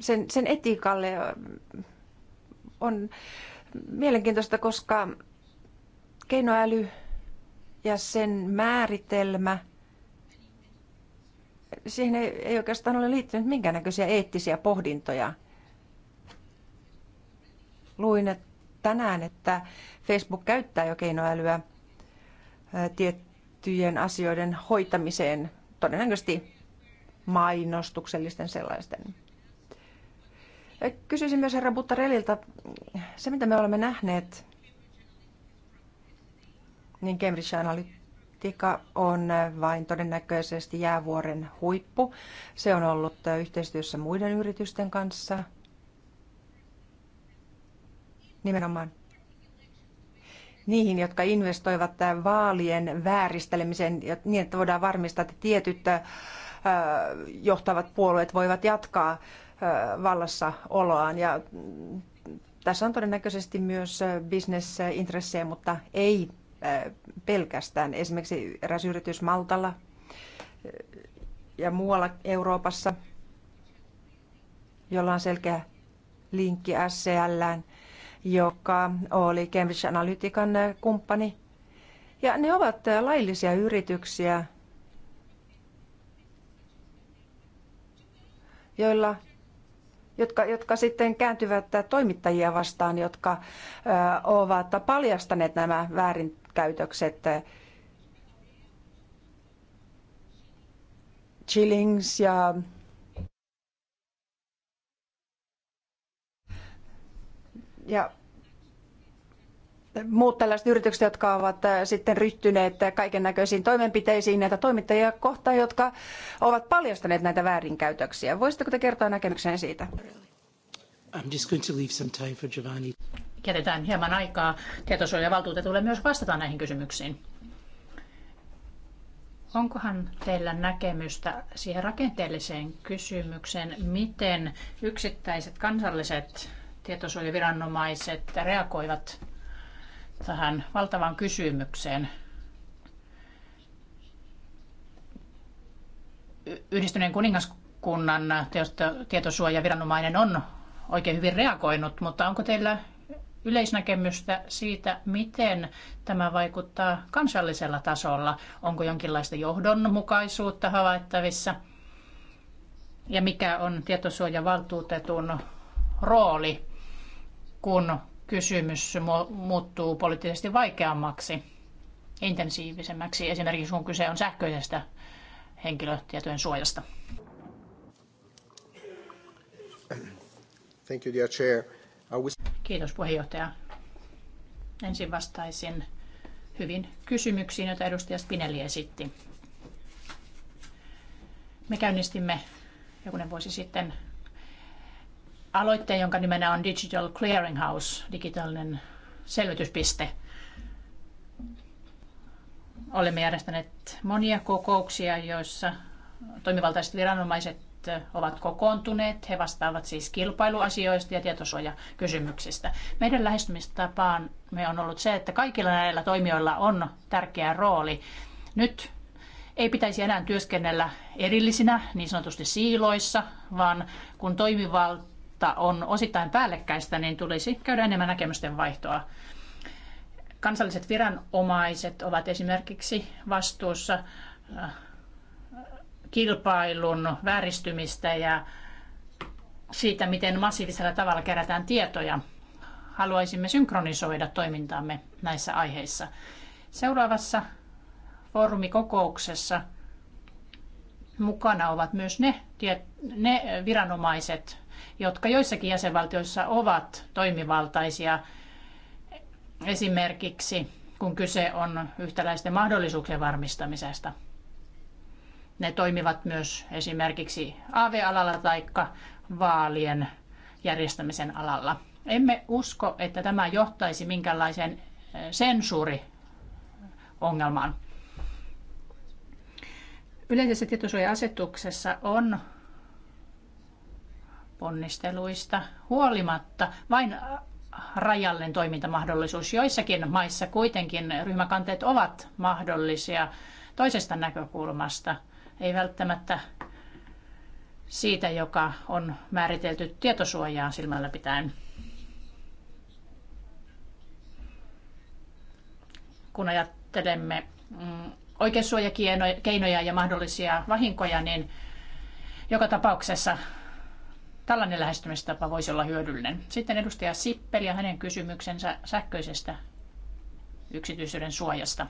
sen, sen etiikalle on mielenkiintoista, koska keinoäly ja sen määritelmä, siihen ei, ei oikeastaan ole liittynyt minkäännäköisiä eettisiä pohdintoja. Luin tänään, että Facebook käyttää jo keinoälyä tiettyjen asioiden hoitamiseen, todennäköisesti mainostuksellisten sellaisten. Kysyisin myös herra Buttarelilta, se mitä me olemme nähneet, niin Cambridge Analytica on vain todennäköisesti jäävuoren huippu. Se on ollut yhteistyössä muiden yritysten kanssa. Nimenomaan niihin, jotka investoivat vaalien vääristelemiseen niin, että voidaan varmistaa, että tietyt johtavat puolueet voivat jatkaa vallassa oloaan. Ja mm, tässä on todennäköisesti myös bisnesintressejä, mutta ei pelkästään. Esimerkiksi eräs yritys Maltalla ja muualla Euroopassa, jolla on selkeä linkki SCL, joka oli Cambridge Analytican kumppani. Ja ne ovat laillisia yrityksiä, joilla jotka, jotka sitten kääntyvät toimittajia vastaan, jotka ovat paljastaneet nämä väärinkäytökset. Chillings ja ja muut tällaiset yritykset, jotka ovat äh, sitten ryhtyneet kaiken näköisiin toimenpiteisiin näitä toimittajia kohtaan, jotka ovat paljastaneet näitä väärinkäytöksiä. Voisitteko te kertoa näkemyksenne siitä? I'm just going to leave some time for Giovanni. Jätetään hieman aikaa tietosuojavaltuutetulle myös vastata näihin kysymyksiin. Onkohan teillä näkemystä siihen rakenteelliseen kysymykseen, miten yksittäiset kansalliset tietosuojaviranomaiset reagoivat tähän valtavaan kysymykseen. Yhdistyneen kuningaskunnan tietosuojaviranomainen on oikein hyvin reagoinut, mutta onko teillä yleisnäkemystä siitä, miten tämä vaikuttaa kansallisella tasolla? Onko jonkinlaista johdonmukaisuutta havaittavissa? Ja mikä on tietosuojavaltuutetun rooli, kun kysymys muuttuu poliittisesti vaikeammaksi, intensiivisemmäksi, esimerkiksi kun kyse on sähköisestä henkilötietojen suojasta. Thank you, dear chair. Kiitos puheenjohtaja. Ensin vastaisin hyvin kysymyksiin, joita edustaja Spinelli esitti. Me käynnistimme jokunen vuosi sitten aloitteen, jonka nimenä on Digital Clearinghouse, digitaalinen selvityspiste. Olemme järjestäneet monia kokouksia, joissa toimivaltaiset viranomaiset ovat kokoontuneet. He vastaavat siis kilpailuasioista ja tietosuojakysymyksistä. Meidän lähestymistapaan me on ollut se, että kaikilla näillä toimijoilla on tärkeä rooli. Nyt ei pitäisi enää työskennellä erillisinä niin sanotusti siiloissa, vaan kun toimivalta mutta on osittain päällekkäistä, niin tulisi käydä enemmän näkemysten vaihtoa. Kansalliset viranomaiset ovat esimerkiksi vastuussa äh, kilpailun vääristymistä ja siitä, miten massiivisella tavalla kerätään tietoja. Haluaisimme synkronisoida toimintaamme näissä aiheissa. Seuraavassa foorumikokouksessa mukana ovat myös ne, ne viranomaiset, jotka joissakin jäsenvaltioissa ovat toimivaltaisia. Esimerkiksi kun kyse on yhtäläisten mahdollisuuksien varmistamisesta. Ne toimivat myös esimerkiksi AV-alalla tai vaalien järjestämisen alalla. Emme usko, että tämä johtaisi minkäänlaiseen eh, sensuuriongelmaan. Yleisessä tietosuoja-asetuksessa on ponnisteluista huolimatta vain rajallinen toimintamahdollisuus. Joissakin maissa kuitenkin ryhmäkanteet ovat mahdollisia toisesta näkökulmasta, ei välttämättä siitä, joka on määritelty tietosuojaan silmällä pitäen. Kun ajattelemme mm, oikeussuojakeinoja ja mahdollisia vahinkoja, niin joka tapauksessa Tällainen lähestymistapa voisi olla hyödyllinen. Sitten edustaja Sippeli ja hänen kysymyksensä sähköisestä yksityisyyden suojasta.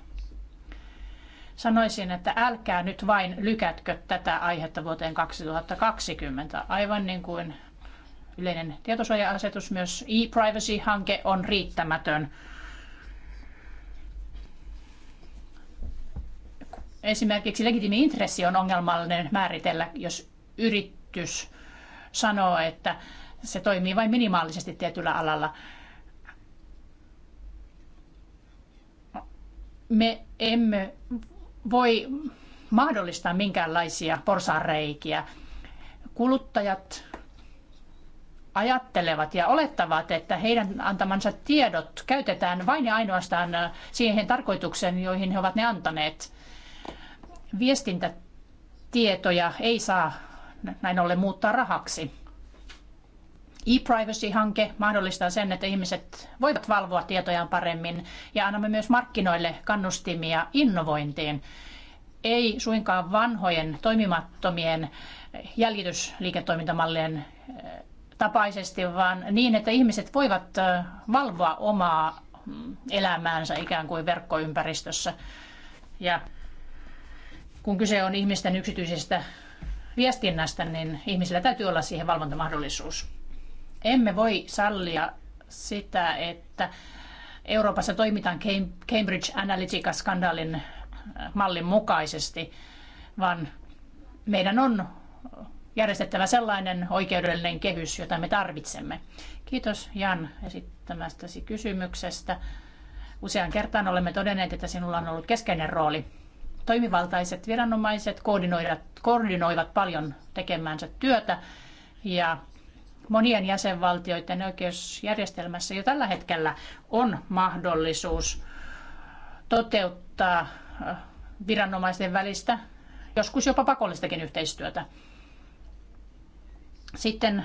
Sanoisin, että älkää nyt vain lykätkö tätä aihetta vuoteen 2020, aivan niin kuin yleinen tietosuoja-asetus, myös e-privacy-hanke on riittämätön. Esimerkiksi legitimi intressi on ongelmallinen määritellä, jos yritys sanoo, että se toimii vain minimaalisesti tietyllä alalla. Me emme voi mahdollistaa minkäänlaisia porsareikiä. Kuluttajat ajattelevat ja olettavat, että heidän antamansa tiedot käytetään vain ja ainoastaan siihen tarkoitukseen, joihin he ovat ne antaneet. Viestintätietoja ei saa näin ollen muuttaa rahaksi. E-privacy-hanke mahdollistaa sen, että ihmiset voivat valvoa tietojaan paremmin ja annamme myös markkinoille kannustimia innovointiin. Ei suinkaan vanhojen toimimattomien jäljitysliiketoimintamallien eh, tapaisesti, vaan niin, että ihmiset voivat eh, valvoa omaa mm, elämäänsä ikään kuin verkkoympäristössä. Ja kun kyse on ihmisten yksityisistä viestinnästä, niin ihmisillä täytyy olla siihen valvontamahdollisuus. Emme voi sallia sitä, että Euroopassa toimitaan Cambridge Analytica-skandaalin äh, mallin mukaisesti, vaan meidän on järjestettävä sellainen oikeudellinen kehys, jota me tarvitsemme. Kiitos Jan esittämästäsi kysymyksestä. Usean kertaan olemme todenneet, että sinulla on ollut keskeinen rooli toimivaltaiset viranomaiset koordinoivat, koordinoivat paljon tekemäänsä työtä ja monien jäsenvaltioiden oikeusjärjestelmässä jo tällä hetkellä on mahdollisuus toteuttaa äh, viranomaisten välistä, joskus jopa pakollistakin yhteistyötä. Sitten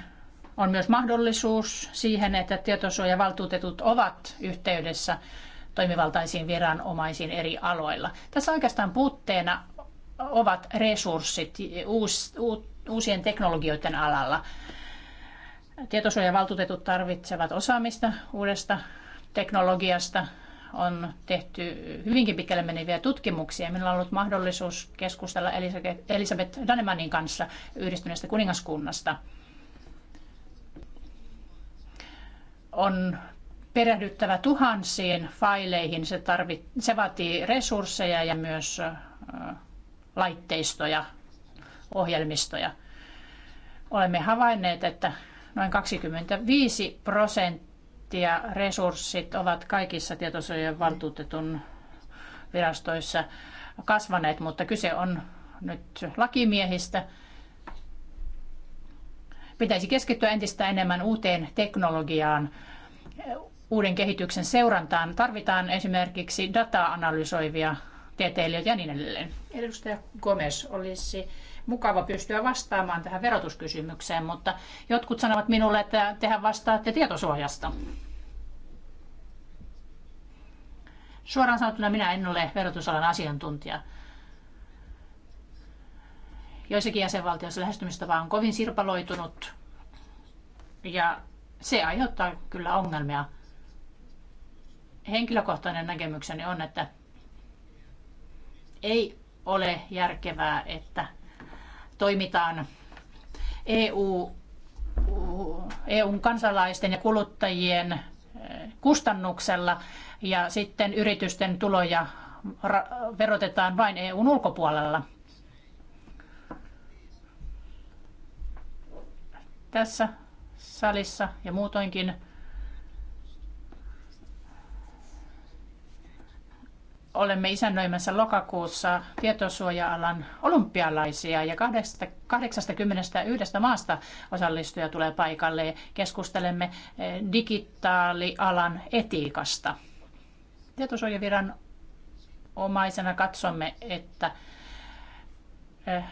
on myös mahdollisuus siihen, että tietosuojavaltuutetut ovat yhteydessä toimivaltaisiin viranomaisiin eri aloilla. Tässä oikeastaan puutteena ovat resurssit uusien teknologioiden alalla. Tietosuojavaltuutetut tarvitsevat osaamista uudesta teknologiasta. On tehty hyvinkin pitkälle meneviä tutkimuksia. Minulla on ollut mahdollisuus keskustella Elisabeth Danemanin kanssa yhdistyneestä kuningaskunnasta. On perehdyttävä tuhansiin faileihin. Se, tarvit, se vaatii resursseja ja myös laitteistoja, ohjelmistoja. Olemme havainneet, että noin 25 prosenttia resurssit ovat kaikissa tietosuojan valtuutetun virastoissa kasvaneet, mutta kyse on nyt lakimiehistä. Pitäisi keskittyä entistä enemmän uuteen teknologiaan, uuden kehityksen seurantaan tarvitaan esimerkiksi dataa analysoivia tieteilijöitä ja niin edelleen. Edustaja Gomes, olisi mukava pystyä vastaamaan tähän verotuskysymykseen, mutta jotkut sanovat minulle, että tehän vastaatte tietosuojasta. Suoraan sanottuna minä en ole verotusalan asiantuntija. Joissakin jäsenvaltioissa lähestymistapa on kovin sirpaloitunut ja se aiheuttaa kyllä ongelmia – henkilökohtainen näkemykseni on, että ei ole järkevää, että toimitaan EU, EUn kansalaisten ja kuluttajien eh, kustannuksella ja sitten yritysten tuloja verotetaan vain EUn ulkopuolella. Tässä salissa ja muutoinkin olemme isännöimässä lokakuussa tietosuoja-alan olympialaisia ja 81 maasta osallistuja tulee paikalle ja keskustelemme eh, digitaalialan etiikasta. Tietosuojaviran omaisena katsomme, että eh,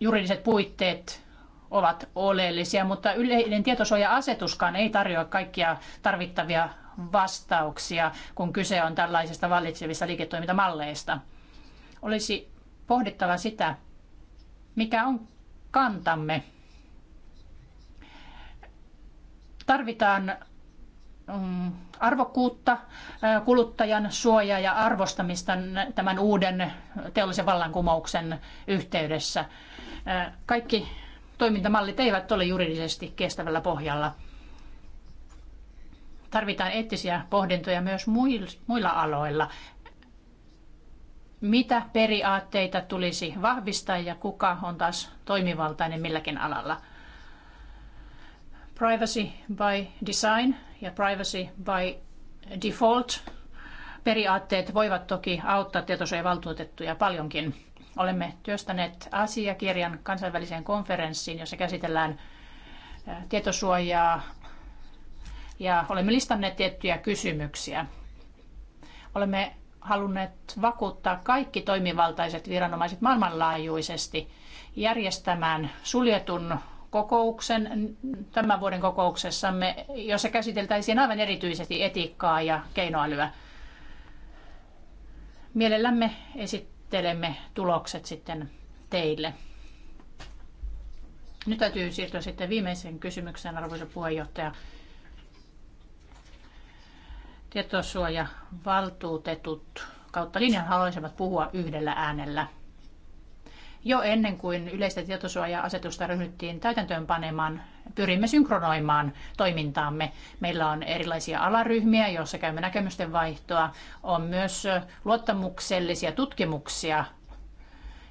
juridiset puitteet ovat oleellisia, mutta yleinen tietosuoja-asetuskaan ei tarjoa kaikkia tarvittavia vastauksia, kun kyse on tällaisista vallitsevista liiketoimintamalleista. Olisi pohdittava sitä, mikä on kantamme. Tarvitaan mm, arvokkuutta, kuluttajan suojaa ja arvostamista tämän uuden teollisen vallankumouksen yhteydessä. Kaikki toimintamallit eivät ole juridisesti kestävällä pohjalla tarvitaan eettisiä pohdintoja myös muilla aloilla. Mitä periaatteita tulisi vahvistaa ja kuka on taas toimivaltainen milläkin alalla? Privacy by design ja privacy by default periaatteet voivat toki auttaa tietosuojavaltuutettuja paljonkin. Olemme työstäneet asiakirjan kansainväliseen konferenssiin, jossa käsitellään tietosuojaa ja olemme listanneet tiettyjä kysymyksiä. Olemme halunneet vakuuttaa kaikki toimivaltaiset viranomaiset maailmanlaajuisesti järjestämään suljetun kokouksen tämän vuoden kokouksessamme, jossa käsiteltäisiin aivan erityisesti etiikkaa ja keinoälyä. Mielellämme esittelemme tulokset sitten teille. Nyt täytyy siirtyä sitten viimeiseen kysymykseen, arvoisa puheenjohtaja tietosuojavaltuutetut kautta linjan haluaisivat puhua yhdellä äänellä. Jo ennen kuin yleistä tietosuoja-asetusta ryhdyttiin täytäntöönpanemaan, pyrimme synkronoimaan toimintaamme. Meillä on erilaisia alaryhmiä, joissa käymme näkemysten vaihtoa. On myös luottamuksellisia tutkimuksia,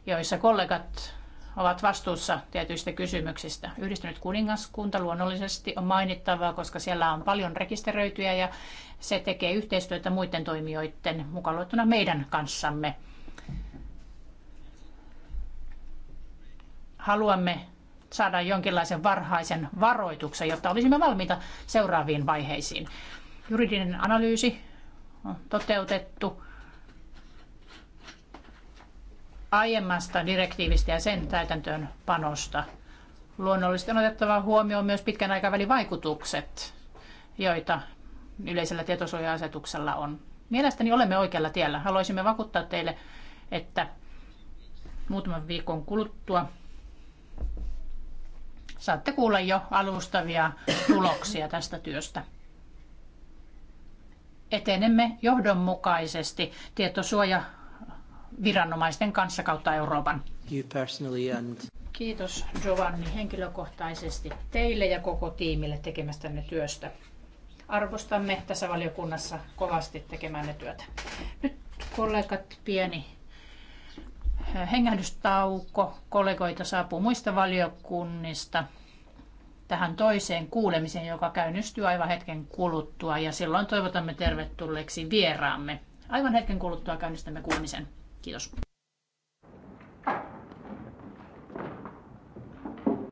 joissa kollegat ovat vastuussa tietyistä kysymyksistä. Yhdistynyt kuningaskunta luonnollisesti on mainittavaa, koska siellä on paljon rekisteröityjä ja se tekee yhteistyötä muiden toimijoiden mukaan luettuna meidän kanssamme. Haluamme saada jonkinlaisen varhaisen varoituksen, jotta olisimme valmiita seuraaviin vaiheisiin. Juridinen analyysi on toteutettu aiemmasta direktiivistä ja sen täytäntöönpanosta. Luonnollisesti on otettava huomioon myös pitkän aikavälin vaikutukset, joita yleisellä tietosuoja-asetuksella on. Mielestäni olemme oikealla tiellä. Haluaisimme vakuuttaa teille, että muutaman viikon kuluttua saatte kuulla jo alustavia tuloksia tästä työstä. Etenemme johdonmukaisesti tietosuoja viranomaisten kanssa kautta Euroopan. Kiitos Giovanni henkilökohtaisesti teille ja koko tiimille tekemästänne työstä. Arvostamme tässä valiokunnassa kovasti tekemänne työtä. Nyt kollegat pieni eh, hengähdystauko. Kollegoita saapuu muista valiokunnista tähän toiseen kuulemiseen, joka käynnistyy aivan hetken kuluttua ja silloin toivotamme tervetulleeksi vieraamme. Aivan hetken kuluttua käynnistämme kuulemisen. Kiitos.